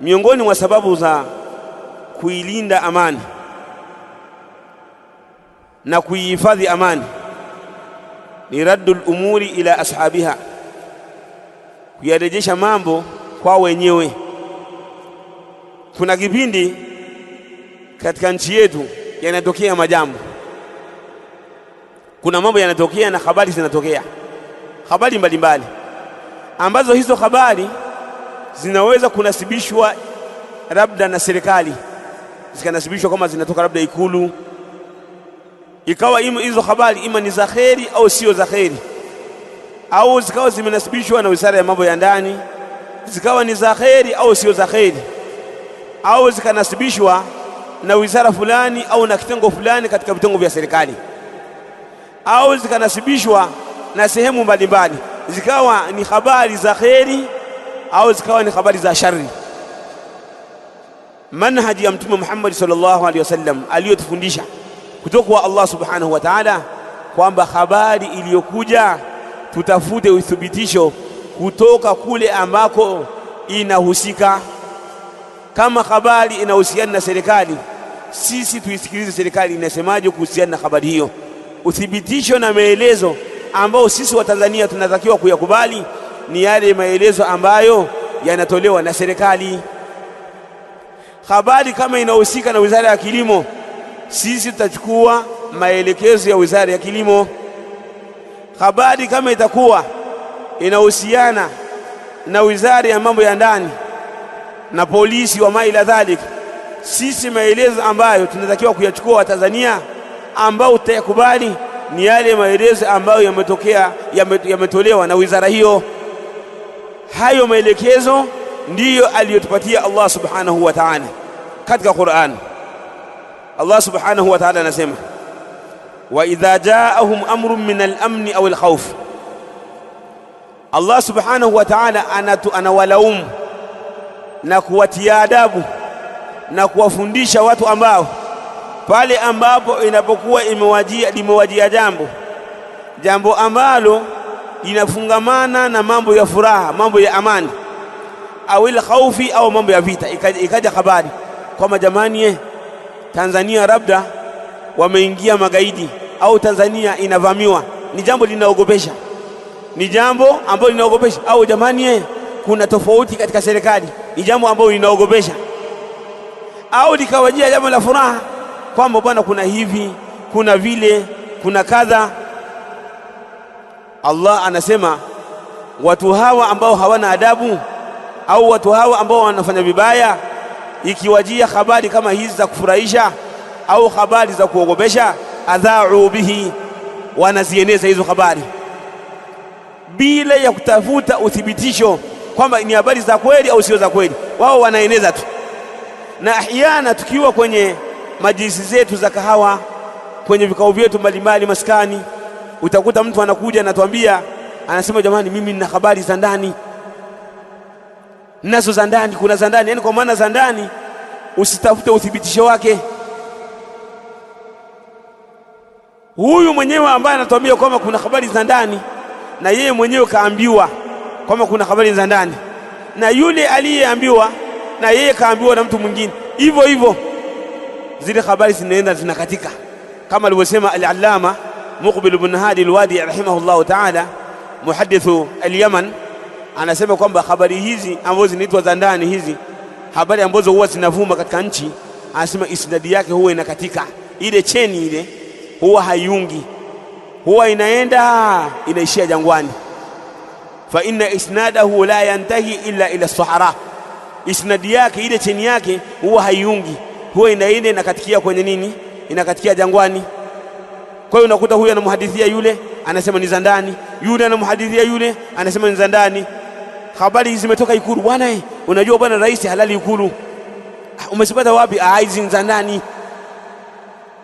Miongoni mwa sababu za kuilinda amani na kuihifadhi amani ni raddu umuri ila ashabiha, kuyarejesha mambo kwa wenyewe. Kuna kipindi katika nchi yetu yanatokea majambo, kuna mambo yanatokea na habari zinatokea, habari mbalimbali ambazo hizo habari zinaweza kunasibishwa labda na serikali, zikanasibishwa kama zinatoka labda Ikulu, ikawa ima hizo habari ima ni za kheri au sio za kheri, au zikawa zimenasibishwa na wizara ya mambo ya ndani, zikawa ni za kheri au sio za kheri, au zikanasibishwa na wizara fulani au na kitengo fulani katika vitengo vya serikali, au zikanasibishwa na sehemu mbalimbali, zikawa ni habari za kheri au zikawa ni habari za shari. Manhaji ya Mtume Muhammad sallallahu alaihi wasallam aliyotufundisha kutoka kwa Allah subhanahu wa ta'ala, kwamba habari iliyokuja tutafute uthibitisho kutoka kule ambako inahusika. Kama habari inahusiana na serikali, sisi tuisikilize serikali inasemaje kuhusiana na habari hiyo, uthibitisho na maelezo ambao sisi Watanzania tunatakiwa kuyakubali ni yale maelezo ambayo yanatolewa na serikali. Habari kama inahusika na wizara ya kilimo, sisi tutachukua maelekezo ya wizara ya kilimo. Habari kama itakuwa inahusiana na wizara ya mambo ya ndani na polisi wa maila dhalik, sisi maelezo ambayo tunatakiwa kuyachukua Watanzania ambao utayakubali ni yale maelezo ambayo yametokea yametolewa na wizara hiyo. Hayo maelekezo ndiyo aliyotupatia Allah subhanahu wa ta'ala katika Qur'an. Allah subhanahu wa ta'ala anasema, wa idha jaahum amrun min al-amni aw al-khawf, Allah subhanahu wa ta'ala anawalaumu na kuwatia adabu na kuwafundisha watu ambao pale ambapo inapokuwa imewajia limewajia jambo jambo ambalo linafungamana na mambo ya furaha, mambo ya amani, au ile khaufi au mambo ya vita. Ikaja, ikaja habari kwamba jamani, eh, Tanzania labda wameingia magaidi au Tanzania inavamiwa. Ni jambo linaogopesha, ni jambo ambalo linaogopesha. Au jamani, eh, kuna tofauti katika serikali, ni jambo ambalo linaogopesha. Au likawajia jambo la furaha kwamba bwana, kuna hivi, kuna vile, kuna kadha Allah anasema watu hawa ambao hawana adabu au watu hawa ambao wanafanya vibaya, ikiwajia habari kama hizi za kufurahisha au habari za kuogopesha, adhau bihi, wanazieneza hizo habari bila ya kutafuta uthibitisho kwamba ni habari za kweli au sio za kweli. Wao wanaeneza tu, na ahiana tukiwa kwenye majlisi zetu za kahawa, kwenye vikao vyetu mbalimbali maskani utakuta mtu anakuja anatuambia, anasema jamani, mimi nina habari za ndani, nazo za ndani, kuna za ndani. Yani kwa maana za ndani usitafute uthibitisho wake. Huyu mwenyewe ambaye anatuambia kwamba kuna habari za ndani, na yeye mwenyewe kaambiwa kwamba kuna habari za ndani, na yule aliyeambiwa na yeye kaambiwa na mtu mwingine, hivyo hivyo zile habari zinaenda zinakatika, kama alivyosema al-Allama Muqbil bin Hadi al-Wadi rahimahullahu ta'ala, muhadithu al-Yaman, anasema kwamba habari hizi ambao zinaitwa za ndani hizi, habari ambazo huwa zinavuma katika nchi, anasema isnadi yake huwa inakatika, ile cheni ile huwa haiungi, huwa inaenda inaishia jangwani. Fa inna isnadahu la yantahi illa ila sahara, isnadi yake ile cheni yake huwa haiungi, huwa inaenda inakatikia kwenye nini, inakatikia jangwani. Kwa hiyo unakuta huyu anamhadithia yule, anasema ni za ndani, yule anamhadithia yule, anasema ni za ndani. Habari zimetoka Ikulu bwana, unajua bwana, rais halali Ikulu. Umezipata wapi? Ah, hizi ni za ndani.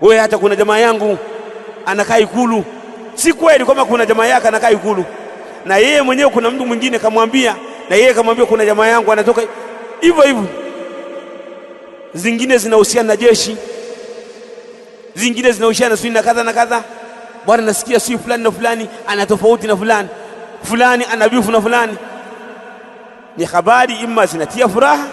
Wewe hata kuna jamaa yangu anakaa Ikulu. Si kweli kama kuna jamaa yake anakaa Ikulu, na yeye mwenyewe kuna mtu mwingine kamwambia, na yeye kamwambia kuna jamaa yangu anatoka hivyo hivyo. Zingine zinahusiana na jeshi zingine zinaoshana sui na kadha na kadha, bwana, nasikia sijui fulani na fulani ana tofauti na fulani fulani, ana bifu na fulani. Ni habari imma zinatia furaha,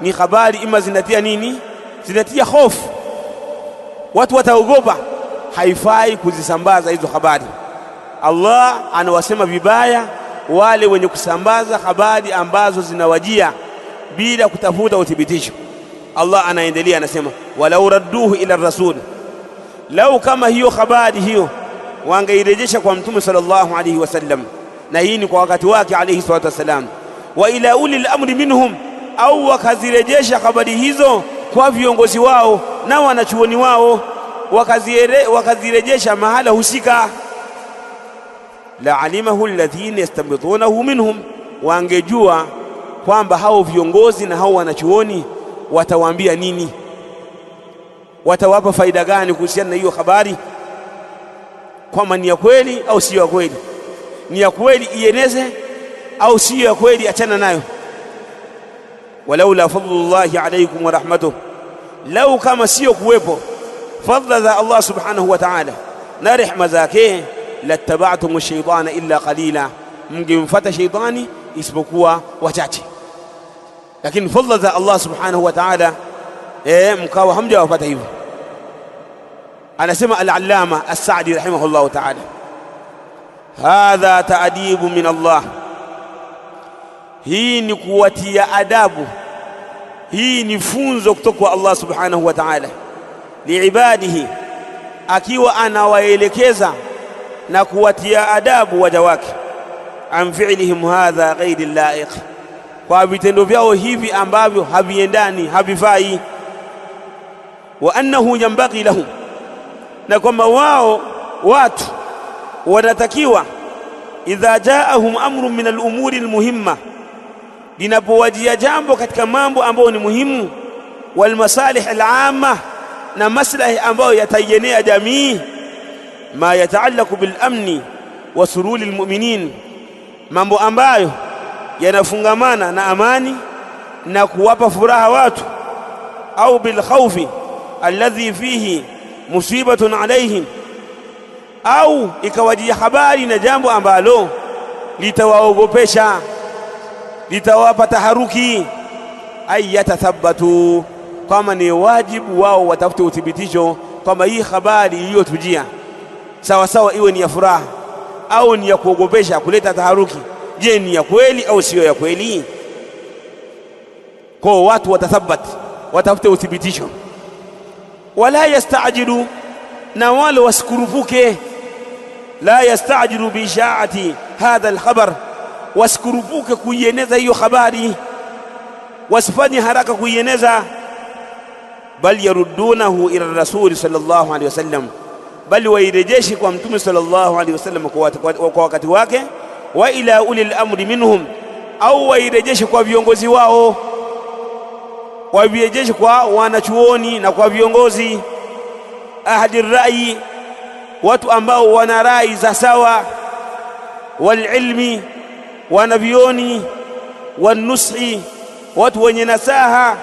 ni habari ima zinatia nini, zinatia hofu, watu wataogopa. Haifai kuzisambaza hizo habari. Allah anawasema vibaya wale wenye kusambaza habari ambazo zinawajia bila kutafuta uthibitisho. Allah anaendelea anasema, walau radduhu ila rasul Lau kama hiyo habari hiyo wangeirejesha kwa Mtume sallallahu alayhi wasallam, na hii ni kwa wakati wake alayhi salatu wassalam, wa ila uli amri minhum, au wakazirejesha habari hizo kwa viongozi wao na wanachuoni wao, wakazirejesha mahala husika, la alimahu alladhina yastambitunahu minhum, wangejua kwamba hao viongozi na hao wanachuoni watawaambia nini watawapa faida gani kuhusiana na hiyo habari, kwamba ni ya kweli au siyo ya kweli, ni ya kweli ieneze au siyo ya kweli achana nayo. walaula fadlullahi alaikum wa rahmatuh, lau kama siyo kuwepo fadla za Allah subhanahu wa ta'ala na rehma zake, lattaba'tum shaitana illa qalila, mngemfuata shaitani isipokuwa wachache. Lakini fadla za Allah subhanahu wa ta'ala eh, mkawa hamjawapata hivyo. Anasema al-Allama as-Sa'di rahimahullahu ta'ala, hadha taadibu min Allah, hii ni kuwatia adabu, hii ni funzo kutoka kwa Allah subhanahu wa ta'ala liibadihi, akiwa anawaelekeza na kuwatia adabu waja wake an fi'lihim hadha ghairi laiq, kwa vitendo vyao hivi ambavyo haviendani havifai. wa annahu yambaghi lahum, na kwamba wao watu wanatakiwa idha jaahum amrun min alumuri almuhimma, linapowajia jambo katika mambo ambayo ni muhimu, walmasalih alama, na maslahi ambayo yataijenea jamii, ma yataalaku bilamni wa sururi almu'minin, mambo ambayo yanafungamana na amani na kuwapa furaha watu, au bilkhawfi alladhi fihi musibatun alaihim, au ikawajia habari na jambo ambalo litawaogopesha litawapa taharuki, ay yatathabbatu, kwamba ni wajibu wao watafute uthibitisho kwamba hii habari iliyotujia sawa sawa, iwe ni ya furaha au ni ya kuogopesha kuleta taharuki. Je, ni ya kweli au siyo ya kweli? Kwa watu watathabati watafute uthibitisho wala yastajilu na wale wasikurupuke la yastajilu biishaati hadha alkhabar wasikurupuke kuieneza hiyo habari wasifanye haraka kuieneza bal yaruddunahu ila rasuli sallallahu alaihi wasallam bali wairejeshi kwa mtume sallallahu alaihi wasallam kwa wakati wake wa ila ulil amri minhum au wairejeshi kwa viongozi wao waviejeshe kwa wanachuoni na kwa viongozi ahli rai, watu ambao wana rai za sawa, walilmi, wanavioni, wanushi, watu wenye nasaha,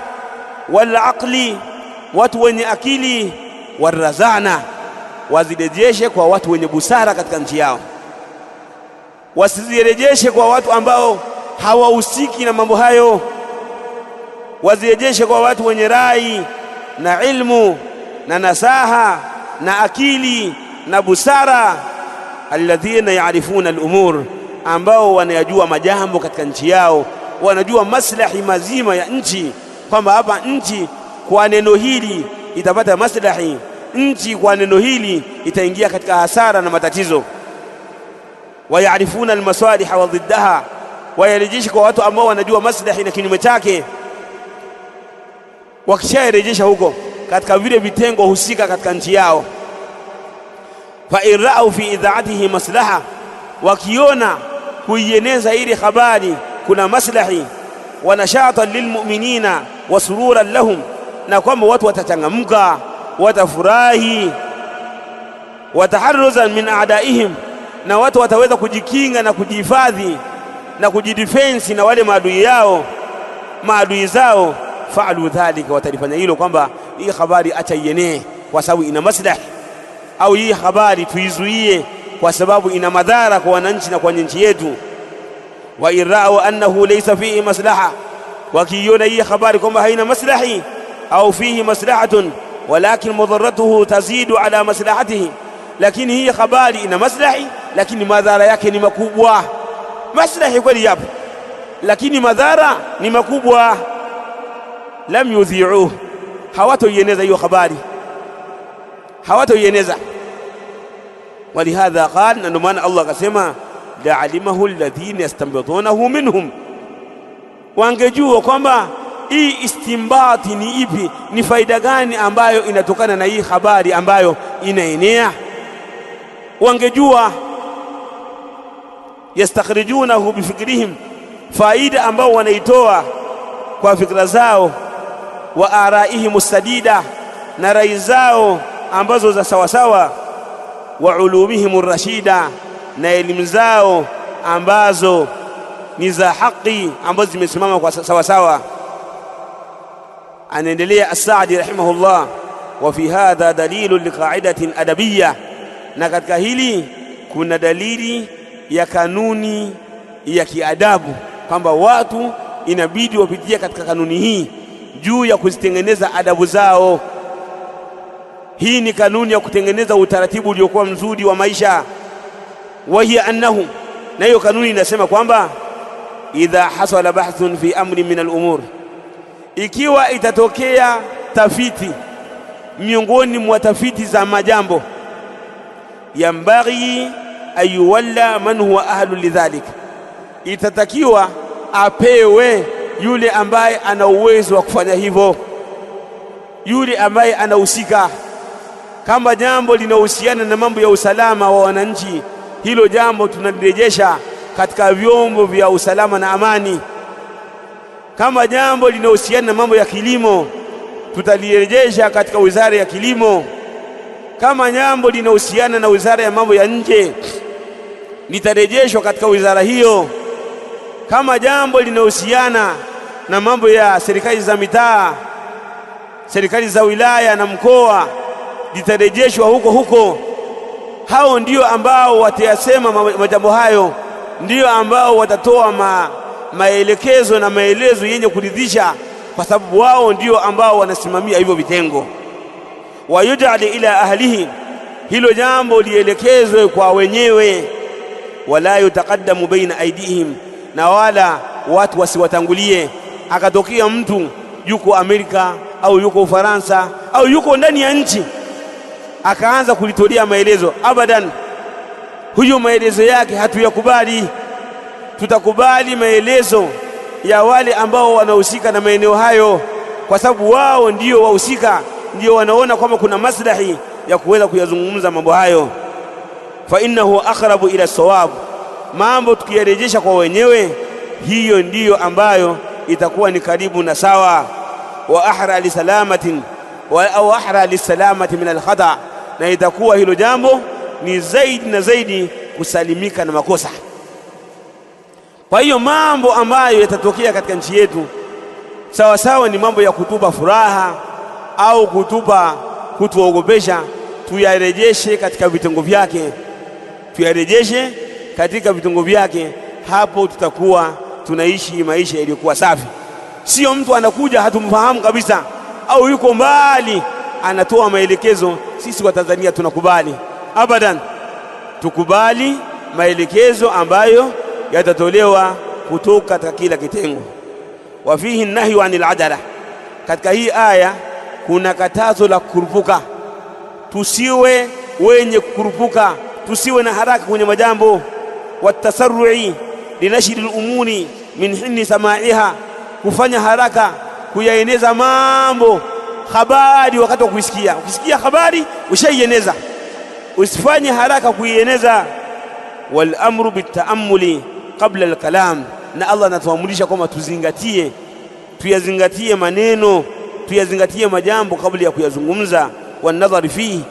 walaqli, watu wenye akili, warazana, wazirejeshe kwa watu wenye busara katika nchi yao, wasizirejeshe kwa watu ambao hawahusiki na mambo hayo wazirejeshe kwa watu wenye rai na ilmu na nasaha na akili na busara, alladhina yaarifuna al-umur, ambao wanayajua majambo katika nchi yao, wanajua maslahi mazima ya nchi, kwamba hapa nchi kwa neno hili itapata maslahi, nchi kwa neno hili itaingia katika hasara na matatizo. Wayarifuna almasaliha wa dhiddaha, wayarejeshe kwa watu ambao wanajua maslahi na kinyume chake wakisharejesha huko katika vile vitengo husika katika nchi yao, fa irau fi idha'atihi maslaha, wakiona kuieneza ili habari kuna maslahi, wa nashatan lilmu'minina wa sururan lahum, na kwamba watu watachangamka, watafurahi, wataharuzan min a'daihim, na watu wataweza kujikinga na kujihifadhi na kujidifensi na wale maadui yao maadui zao faalu dhalika watalifanya hilo kwamba hii habari acha ienee kwa sababu ina maslahi au hii habari tuizuie kwa sababu ina madhara kwa wananchi na kwa nchi yetu wa irau annahu laysa fihi maslaha wakiiona hii habari kwamba haina maslahi au fihi maslahatun walakin mudharatuhu tazidu ala maslahatihi lakini hii habari ina maslahi lakini madhara yake ni makubwa maslahi kweli yapo lakini madhara ni makubwa lam yudhi'uhu, hawatoieneza hiyo habari, hawatoieneza. Walihadha qal, na ndio maana Allah akasema laalimahu alladhina yastanbitunahu minhum, wangejua kwamba hii istimbati ni ipi, ni faida gani ambayo inatokana na hii habari ambayo inaenea, wangejua yastakhrijunahu bifikrihim, faida ambao wanaitoa kwa fikra zao wa araihim sadida, na rai zao ambazo za sawasawa, wa ulumihim rashida, na elimu zao ambazo ni za haki ambazo zimesimama kwa sawasawa. Anaendelea as rahimahullah, wa fi hadha dalilu liqaidatin adabiyya, na katika hili kuna dalili ya kanuni ya kiadabu kwamba watu inabidi wapitie katika kanuni hii juu ya kuzitengeneza adabu zao. Hii ni kanuni ya kutengeneza utaratibu uliokuwa mzuri wa maisha. wa hiya annahu, na hiyo kanuni inasema kwamba idha hasala bahthun fi amri min al-umur, ikiwa itatokea tafiti miongoni mwa tafiti za majambo, yambaghi ayuwalla man huwa ahlu lidhalik, itatakiwa apewe yule ambaye ana uwezo wa kufanya hivyo, yule ambaye anahusika. Kama jambo linahusiana na mambo ya usalama wa wananchi, hilo jambo tunalirejesha katika vyombo vya usalama na amani. Kama jambo linahusiana na mambo ya kilimo, tutalirejesha katika wizara ya kilimo. Kama jambo linahusiana na wizara ya mambo ya nje, litarejeshwa katika wizara hiyo. Kama jambo linahusiana na mambo ya serikali za mitaa, serikali za wilaya na mkoa litarejeshwa huko huko. Hao ndio ambao watayasema majambo hayo, ndio ambao watatoa ma, maelekezo na maelezo yenye kuridhisha, kwa sababu wao ndio ambao wanasimamia hivyo vitengo. Wayujali ila ahlihi, hilo jambo lielekezwe kwa wenyewe. Wala yutakaddamu baina aidihim, na wala watu wasiwatangulie akatokea mtu yuko Amerika au yuko Ufaransa au yuko ndani ya nchi akaanza kulitolea maelezo, abadan, huyo maelezo yake hatuyakubali. Tutakubali maelezo ya wale ambao wanahusika na maeneo hayo, kwa sababu wao ndiyo wahusika, ndiyo wanaona kwamba kuna maslahi ya kuweza kuyazungumza mambo hayo. Fa innahu akrabu ila sawabu, mambo tukiyarejesha kwa wenyewe, hiyo ndiyo ambayo itakuwa ni karibu na sawa. Wa ahra wa au ahra lisalamati min alkhata, na itakuwa hilo jambo ni zaidi na zaidi kusalimika na makosa. Kwa hiyo mambo ambayo yatatokea katika nchi yetu sawa sawa ni mambo ya kutupa furaha au kutupa kutuogopesha, tuyarejeshe katika vitengo vyake, tuyarejeshe katika vitengo vyake, hapo tutakuwa tunaishi maisha yaliyokuwa safi. Sio mtu anakuja hatumfahamu kabisa, au yuko mbali, anatoa maelekezo. Sisi wa Tanzania tunakubali abadan, tukubali maelekezo ambayo yatatolewa kutoka katika kila kitengo. wa fihi nahyu anil adala, katika hii aya kuna katazo la kukurupuka. Tusiwe wenye kukurupuka, tusiwe na haraka kwenye majambo. tasarrui linashri lumuri min hini samaiha, kufanya haraka kuyaeneza mambo habari wakati wa kuisikia. Ukisikia habari ushaieneza, usifanye haraka kuieneza. Wal amru bitaamuli qabla alkalam, na Allah anatuamrisha kwamba tuzingatie, tuyazingatie maneno, tuyazingatie majambo kabla ya kuyazungumza. Wanadhari fihi,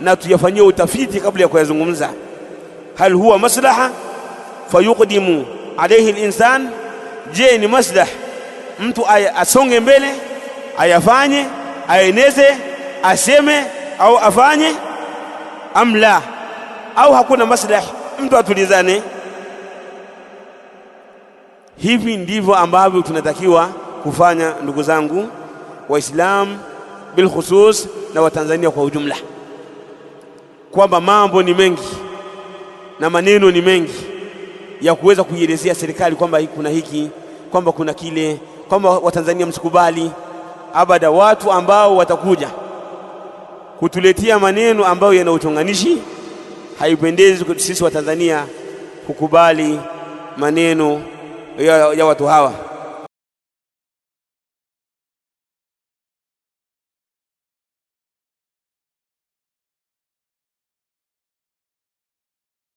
na tuyafanyie utafiti kabla ya kuyazungumza. Hal huwa maslaha fayuqdimu alayhi alinsan Je, ni maslah mtu asonge mbele, ayafanye, aeneze, aseme au afanye amla? Au hakuna maslahi mtu atulizane? Hivi ndivyo ambavyo tunatakiwa kufanya ndugu zangu Waislamu bilkhusus na Watanzania kwa ujumla, kwamba mambo ni mengi na maneno ni mengi ya kuweza kuielezea serikali kwamba kuna hiki, kwamba kuna kile, kwamba Watanzania msikubali abada watu ambao watakuja kutuletea maneno ambayo yana uchonganishi. Haipendezi sisi Watanzania kukubali maneno ya, ya watu hawa.